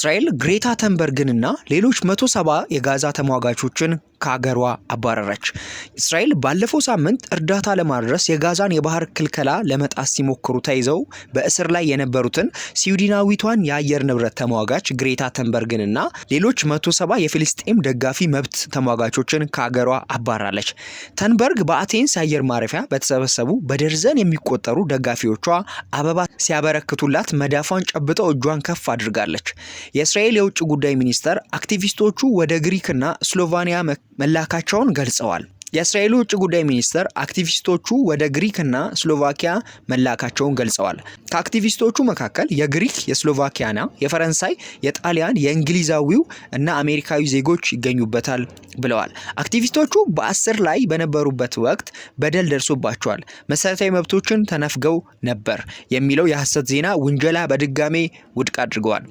እስራኤል ግሬታ ተንበርግንና ሌሎች መቶ ሰባ የጋዛ ተሟጋቾችን ከሀገሯ አባረረች። እስራኤል ባለፈው ሳምንት እርዳታ ለማድረስ የጋዛን የባህር ክልከላ ለመጣስ ሲሞክሩ ተይዘው በእስር ላይ የነበሩትን ስዊድናዊቷን የአየር ንብረት ተሟጋች ግሬታ ተንበርግንና ሌሎች መቶ ሰባ የፊልስጤም ደጋፊ መብት ተሟጋቾችን ከሀገሯ አባራለች። ተንበርግ በአቴንስ የአየር ማረፊያ በተሰበሰቡ በደርዘን የሚቆጠሩ ደጋፊዎቿ አበባ ሲያበረክቱላት መዳፏን ጨብጠው እጇን ከፍ አድርጋለች። የእስራኤል የውጭ ጉዳይ ሚኒስተር አክቲቪስቶቹ ወደ ግሪክና ስሎቫኒያ መላካቸውን ገልጸዋል። የእስራኤል ውጭ ጉዳይ ሚኒስተር አክቲቪስቶቹ ወደ ግሪክና ስሎቫኪያ መላካቸውን ገልጸዋል። ከአክቲቪስቶቹ መካከል የግሪክ፣ የስሎቫኪያና የፈረንሳይ፣ የጣሊያን፣ የእንግሊዛዊው እና አሜሪካዊ ዜጎች ይገኙበታል ብለዋል። አክቲቪስቶቹ በአስር ላይ በነበሩበት ወቅት በደል ደርሶባቸዋል፣ መሰረታዊ መብቶችን ተነፍገው ነበር የሚለው የሐሰት ዜና ውንጀላ በድጋሜ ውድቅ አድርገዋል።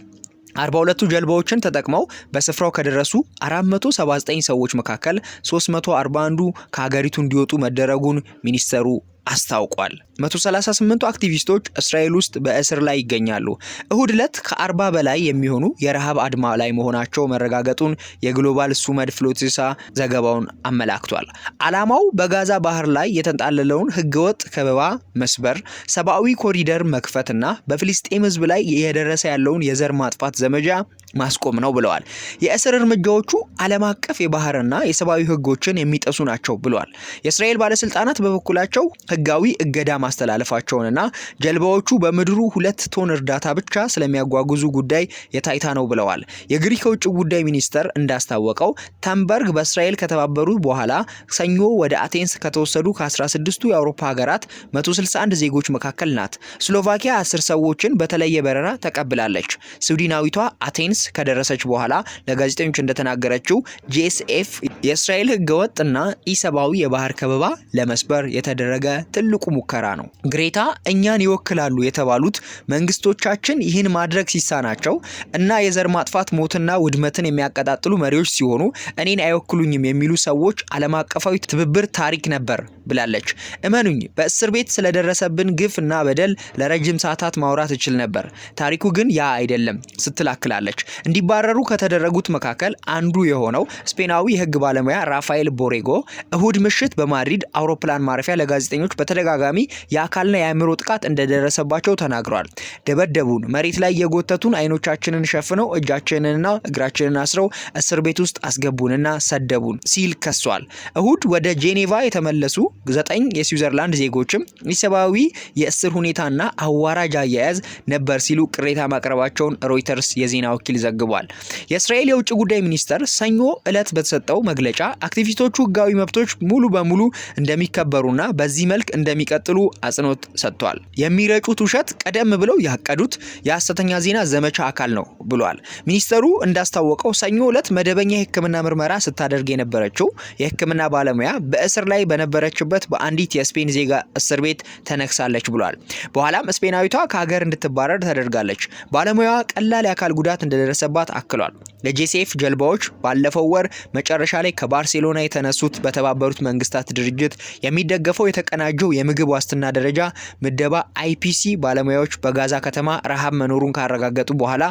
አርባ ሁለቱ ጀልባዎችን ተጠቅመው በስፍራው ከደረሱ 479 ሰዎች መካከል 341ዱ ከሀገሪቱ እንዲወጡ መደረጉን ሚኒስተሩ አስታውቋል። 138ቱ አክቲቪስቶች እስራኤል ውስጥ በእስር ላይ ይገኛሉ። እሁድ ዕለት ከ40 በላይ የሚሆኑ የረሃብ አድማ ላይ መሆናቸው መረጋገጡን የግሎባል ሱመድ ፍሎቲሳ ዘገባውን አመላክቷል። ዓላማው በጋዛ ባህር ላይ የተንጣለለውን ህገወጥ ከበባ መስበር፣ ሰብአዊ ኮሪደር መክፈትና በፊልስጤም ህዝብ ላይ የደረሰ ያለውን የዘር ማጥፋት ዘመቻ ማስቆም ነው ብለዋል። የእስር እርምጃዎቹ ዓለም አቀፍ የባህርና የሰብአዊ ህጎችን የሚጠሱ ናቸው ብለዋል። የእስራኤል ባለስልጣናት በበኩላቸው ህጋዊ እገዳ ማስተላለፋቸውንና ጀልባዎቹ በምድሩ ሁለት ቶን እርዳታ ብቻ ስለሚያጓጉዙ ጉዳይ የታይታ ነው ብለዋል። የግሪክ የውጭ ጉዳይ ሚኒስተር እንዳስታወቀው ተንበርግ በእስራኤል ከተባበሩ በኋላ ሰኞ ወደ አቴንስ ከተወሰዱ ከ16ቱ የአውሮፓ ሀገራት 161 ዜጎች መካከል ናት። ስሎቫኪያ አስር ሰዎችን በተለየ በረራ ተቀብላለች። ስዊድናዊቷ አቴንስ ኔትንስ ከደረሰች በኋላ ለጋዜጠኞች እንደተናገረችው ጂኤስኤፍ የእስራኤል ህገወጥና ኢሰብአዊ የባህር ከበባ ለመስበር የተደረገ ትልቁ ሙከራ ነው። ግሬታ እኛን ይወክላሉ የተባሉት መንግስቶቻችን ይህን ማድረግ ሲሳናቸው እና የዘር ማጥፋት ሞትና ውድመትን የሚያቀጣጥሉ መሪዎች ሲሆኑ እኔን አይወክሉኝም የሚሉ ሰዎች ዓለም አቀፋዊ ትብብር ታሪክ ነበር ብላለች። እመኑኝ በእስር ቤት ስለደረሰብን ግፍ እና በደል ለረጅም ሰዓታት ማውራት እችል ነበር፣ ታሪኩ ግን ያ አይደለም ስትል አክላለች። እንዲባረሩ ከተደረጉት መካከል አንዱ የሆነው ስፔናዊ የህግ ባለሙያ ራፋኤል ቦሬጎ እሁድ ምሽት በማድሪድ አውሮፕላን ማረፊያ ለጋዜጠኞች በተደጋጋሚ የአካልና የአእምሮ ጥቃት እንደደረሰባቸው ተናግሯል ደበደቡን፣ መሬት ላይ የጎተቱን፣ አይኖቻችንን ሸፍነው እጃችንንና እግራችንን አስረው እስር ቤት ውስጥ አስገቡንና ሰደቡን ሲል ከሷል። እሁድ ወደ ጄኔቫ የተመለሱ ዘጠኝ የስዊዘርላንድ ዜጎችም ኢሰብአዊ የእስር ሁኔታና አዋራጅ አያያዝ ነበር ሲሉ ቅሬታ ማቅረባቸውን ሮይተርስ የዜና ወኪል ዘግቧል። የእስራኤል የውጭ ጉዳይ ሚኒስተር ሰኞ ዕለት በተሰጠው መግለጫ አክቲቪስቶቹ ህጋዊ መብቶች ሙሉ በሙሉ እንደሚከበሩና በዚህ መልክ እንደሚቀጥሉ አጽንኦት ሰጥቷል። የሚረጩት ውሸት ቀደም ብለው ያቀዱት የሐሰተኛ ዜና ዘመቻ አካል ነው ብሏል። ሚኒስተሩ እንዳስታወቀው ሰኞ ዕለት መደበኛ የህክምና ምርመራ ስታደርግ የነበረችው የህክምና ባለሙያ በእስር ላይ በነበረችበት በአንዲት የስፔን ዜጋ እስር ቤት ተነክሳለች ብሏል። በኋላም ስፔናዊቷ ከሀገር እንድትባረር ተደርጋለች። ባለሙያዋ ቀላል የአካል ጉዳት እንደደረ እንደደረሰባት አክሏል። የጄሲኤፍ ጀልባዎች ባለፈው ወር መጨረሻ ላይ ከባርሴሎና የተነሱት በተባበሩት መንግስታት ድርጅት የሚደገፈው የተቀናጀው የምግብ ዋስትና ደረጃ ምደባ አይፒሲ ባለሙያዎች በጋዛ ከተማ ረሃብ መኖሩን ካረጋገጡ በኋላ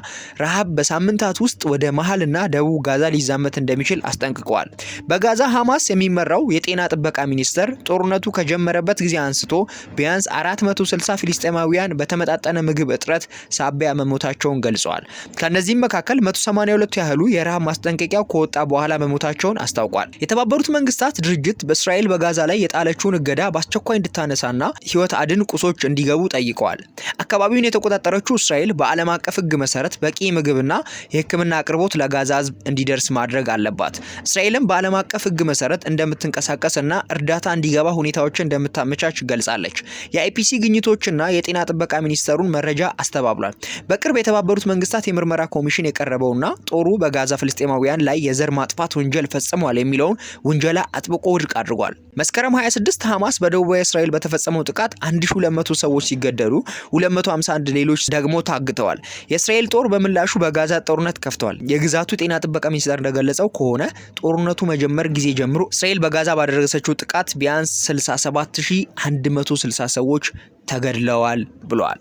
ረሃብ በሳምንታት ውስጥ ወደ መሀልና ደቡብ ጋዛ ሊዛመት እንደሚችል አስጠንቅቀዋል። በጋዛ ሐማስ የሚመራው የጤና ጥበቃ ሚኒስቴር ጦርነቱ ከጀመረበት ጊዜ አንስቶ ቢያንስ 460 ፊሊስጤማውያን በተመጣጠነ ምግብ እጥረት ሳቢያ መሞታቸውን ገልጸዋል። ከነዚህም መካከል 182 ያህሉ የረሃብ ማስጠንቀቂያ ከወጣ በኋላ መሞታቸውን አስታውቋል። የተባበሩት መንግስታት ድርጅት በእስራኤል በጋዛ ላይ የጣለችውን እገዳ በአስቸኳይ እንድታነሳና ህይወት አድን ቁሶች እንዲገቡ ጠይቀዋል። አካባቢውን የተቆጣጠረችው እስራኤል በዓለም አቀፍ ህግ መሰረት በቂ ምግብና የህክምና አቅርቦት ለጋዛ ህዝብ እንዲደርስ ማድረግ አለባት። እስራኤልም በዓለም አቀፍ ህግ መሰረት እንደምትንቀሳቀስና እርዳታ እንዲገባ ሁኔታዎችን እንደምታመቻች ገልጻለች። የአይፒሲ ግኝቶችና የጤና ጥበቃ ሚኒስቴሩን መረጃ አስተባብሏል። በቅርብ የተባበሩት መንግስታት የምርመራ ኮሚ ኮሚሽን የቀረበውና ጦሩ በጋዛ ፍልስጤማውያን ላይ የዘር ማጥፋት ወንጀል ፈጽሟል የሚለውን ውንጀላ አጥብቆ ውድቅ አድርጓል። መስከረም 26 ሐማስ በደቡባዊ እስራኤል በተፈጸመው ጥቃት 1200 ሰዎች ሲገደሉ 251 ሌሎች ደግሞ ታግተዋል። የእስራኤል ጦር በምላሹ በጋዛ ጦርነት ከፍተዋል። የግዛቱ ጤና ጥበቃ ሚኒስቴር እንደገለጸው ከሆነ ጦርነቱ መጀመር ጊዜ ጀምሮ እስራኤል በጋዛ ባደረሰችው ጥቃት ቢያንስ 67160 ሰዎች ተገድለዋል ብለዋል።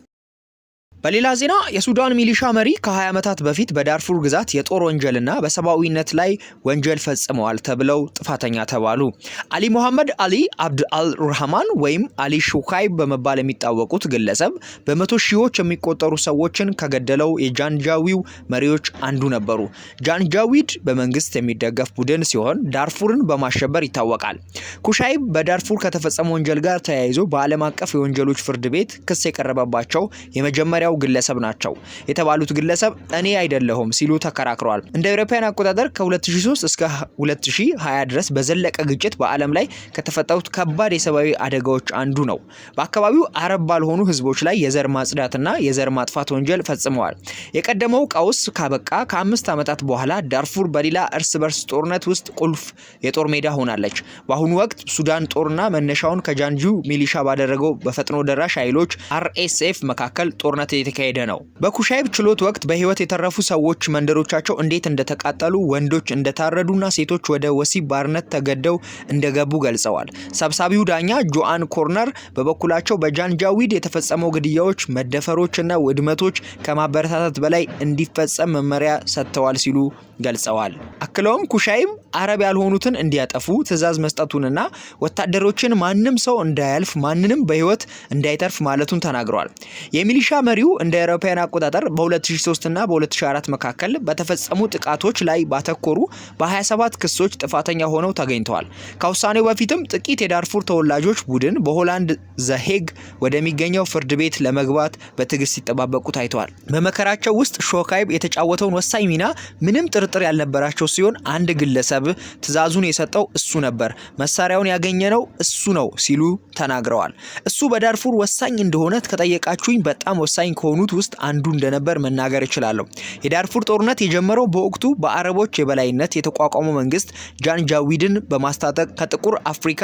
በሌላ ዜና የሱዳን ሚሊሻ መሪ ከ20 ዓመታት በፊት በዳርፉር ግዛት የጦር ወንጀልና በሰብአዊነት ላይ ወንጀል ፈጽመዋል ተብለው ጥፋተኛ ተባሉ። አሊ ሞሐመድ አሊ አብድ አልራህማን ወይም አሊ ሹካይ በመባል የሚታወቁት ግለሰብ በመቶ ሺዎች የሚቆጠሩ ሰዎችን ከገደለው የጃንጃዊው መሪዎች አንዱ ነበሩ። ጃንጃዊድ በመንግስት የሚደገፍ ቡድን ሲሆን ዳርፉርን በማሸበር ይታወቃል። ኩሻይብ በዳርፉር ከተፈጸመ ወንጀል ጋር ተያይዞ በዓለም አቀፍ የወንጀሎች ፍርድ ቤት ክስ የቀረበባቸው የመጀመሪያው ግለሰብ ናቸው የተባሉት ግለሰብ እኔ አይደለሁም ሲሉ ተከራክረዋል። እንደ አውሮፓውያን አቆጣጠር ከ2003 እስከ 2020 ድረስ በዘለቀ ግጭት በዓለም ላይ ከተፈጠሩት ከባድ የሰብአዊ አደጋዎች አንዱ ነው። በአካባቢው አረብ ባልሆኑ ህዝቦች ላይ የዘር ማጽዳትና የዘር ማጥፋት ወንጀል ፈጽመዋል። የቀደመው ቀውስ ካበቃ ከአምስት ዓመታት በኋላ ዳርፉር በሌላ እርስ በርስ ጦርነት ውስጥ ቁልፍ የጦር ሜዳ ሆናለች። በአሁኑ ወቅት ሱዳን ጦርና መነሻውን ከጃንጂው ሚሊሻ ባደረገው በፈጥኖ ደራሽ ኃይሎች አርኤስኤፍ መካከል ጦርነት የተካሄደ ነው። በኩሻይብ ችሎት ወቅት በህይወት የተረፉ ሰዎች መንደሮቻቸው እንዴት እንደተቃጠሉ፣ ወንዶች እንደታረዱና ሴቶች ወደ ወሲብ ባርነት ተገደው እንደገቡ ገልጸዋል። ሰብሳቢው ዳኛ ጆአን ኮርነር በበኩላቸው በጃንጃዊድ የተፈጸመው ግድያዎች፣ መደፈሮችና ውድመቶች ከማበረታታት በላይ እንዲፈጸም መመሪያ ሰጥተዋል ሲሉ ገልጸዋል። አክለውም ኩሻይም አረብ ያልሆኑትን እንዲያጠፉ ትዕዛዝ መስጠቱንና ወታደሮችን ማንም ሰው እንዳያልፍ ማንንም በህይወት እንዳይተርፍ ማለቱን ተናግረዋል። የሚሊሻ መሪው እንደ አውሮፓውያን አቆጣጠር በ2003 እና በ2004 መካከል በተፈጸሙ ጥቃቶች ላይ ባተኮሩ በ27 ክሶች ጥፋተኛ ሆነው ተገኝተዋል። ከውሳኔው በፊትም ጥቂት የዳርፉር ተወላጆች ቡድን በሆላንድ ዘሄግ ወደሚገኘው ፍርድ ቤት ለመግባት በትዕግስት ሲጠባበቁ ታይተዋል። በመከራቸው ውስጥ ሾካይብ የተጫወተውን ወሳኝ ሚና ምንም ጥርጥር ያልነበራቸው ሲሆን አንድ ግለሰብ ቤተሰብ ትዕዛዙን የሰጠው እሱ ነበር፣ መሳሪያውን ያገኘነው እሱ ነው ሲሉ ተናግረዋል። እሱ በዳርፉር ወሳኝ እንደሆነ ከጠየቃችሁኝ በጣም ወሳኝ ከሆኑት ውስጥ አንዱ እንደነበር መናገር እችላለሁ። የዳርፉር ጦርነት የጀመረው በወቅቱ በአረቦች የበላይነት የተቋቋመው መንግስት ጃንጃዊድን በማስታጠቅ ከጥቁር አፍሪካ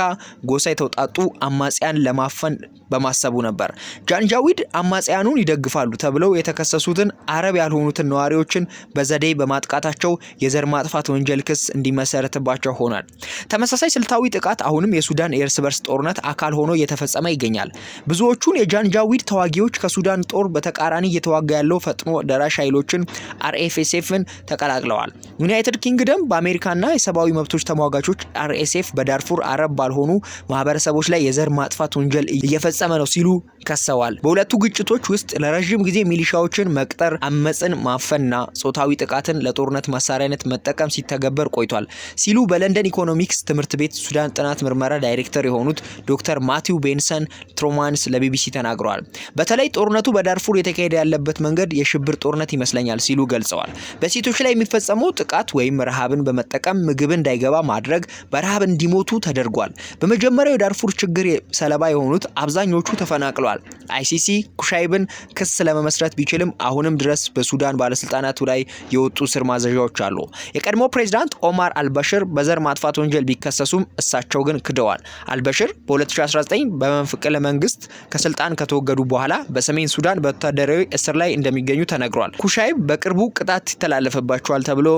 ጎሳ የተውጣጡ አማጽያን ለማፈን በማሰቡ ነበር። ጃንጃዊድ አማጽያኑን ይደግፋሉ ተብለው የተከሰሱትን አረብ ያልሆኑትን ነዋሪዎችን በዘዴ በማጥቃታቸው የዘር ማጥፋት ወንጀል ክስ እንዲመ የሚመሰረትባቸው ሆኗል። ተመሳሳይ ስልታዊ ጥቃት አሁንም የሱዳን የእርስ በርስ ጦርነት አካል ሆኖ እየተፈጸመ ይገኛል። ብዙዎቹን የጃንጃዊድ ተዋጊዎች ከሱዳን ጦር በተቃራኒ እየተዋጋ ያለው ፈጥኖ ደራሽ ኃይሎችን አርኤፍኤስኤፍን ተቀላቅለዋል። ዩናይትድ ኪንግደም በአሜሪካና የሰብአዊ መብቶች ተሟጋቾች አርኤስኤፍ በዳርፉር አረብ ባልሆኑ ማህበረሰቦች ላይ የዘር ማጥፋት ወንጀል እየፈጸመ ነው ሲሉ ከሰዋል። በሁለቱ ግጭቶች ውስጥ ለረዥም ጊዜ ሚሊሻዎችን መቅጠር፣ አመፅን ማፈንና ጾታዊ ጥቃትን ለጦርነት መሳሪያነት መጠቀም ሲተገበር ቆይቷል። ሲሉ በለንደን ኢኮኖሚክስ ትምህርት ቤት ሱዳን ጥናት ምርመራ ዳይሬክተር የሆኑት ዶክተር ማቲው ቤንሰን ትሮማንስ ለቢቢሲ ተናግረዋል። በተለይ ጦርነቱ በዳርፉር የተካሄደ ያለበት መንገድ የሽብር ጦርነት ይመስለኛል ሲሉ ገልጸዋል። በሴቶች ላይ የሚፈጸመው ጥቃት ወይም ረሃብን በመጠቀም ምግብ እንዳይገባ ማድረግ በረሃብ እንዲሞቱ ተደርጓል። በመጀመሪያው የዳርፉር ችግር ሰለባ የሆኑት አብዛኞቹ ተፈናቅለዋል። አይሲሲ ኩሻይብን ክስ ለመመስረት ቢችልም አሁንም ድረስ በሱዳን ባለስልጣናቱ ላይ የወጡ ስር ማዘዣዎች አሉ። የቀድሞ ፕሬዚዳንት ኦማር አልበሽር በዘር ማጥፋት ወንጀል ቢከሰሱም እሳቸው ግን ክደዋል። አልበሽር በ2019 በመፈንቅለ መንግስት ከስልጣን ከተወገዱ በኋላ በሰሜን ሱዳን በወታደራዊ እስር ላይ እንደሚገኙ ተነግሯል። ኩሻይብ በቅርቡ ቅጣት ይተላለፍባቸዋል ተብሎ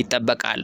ይጠበቃል።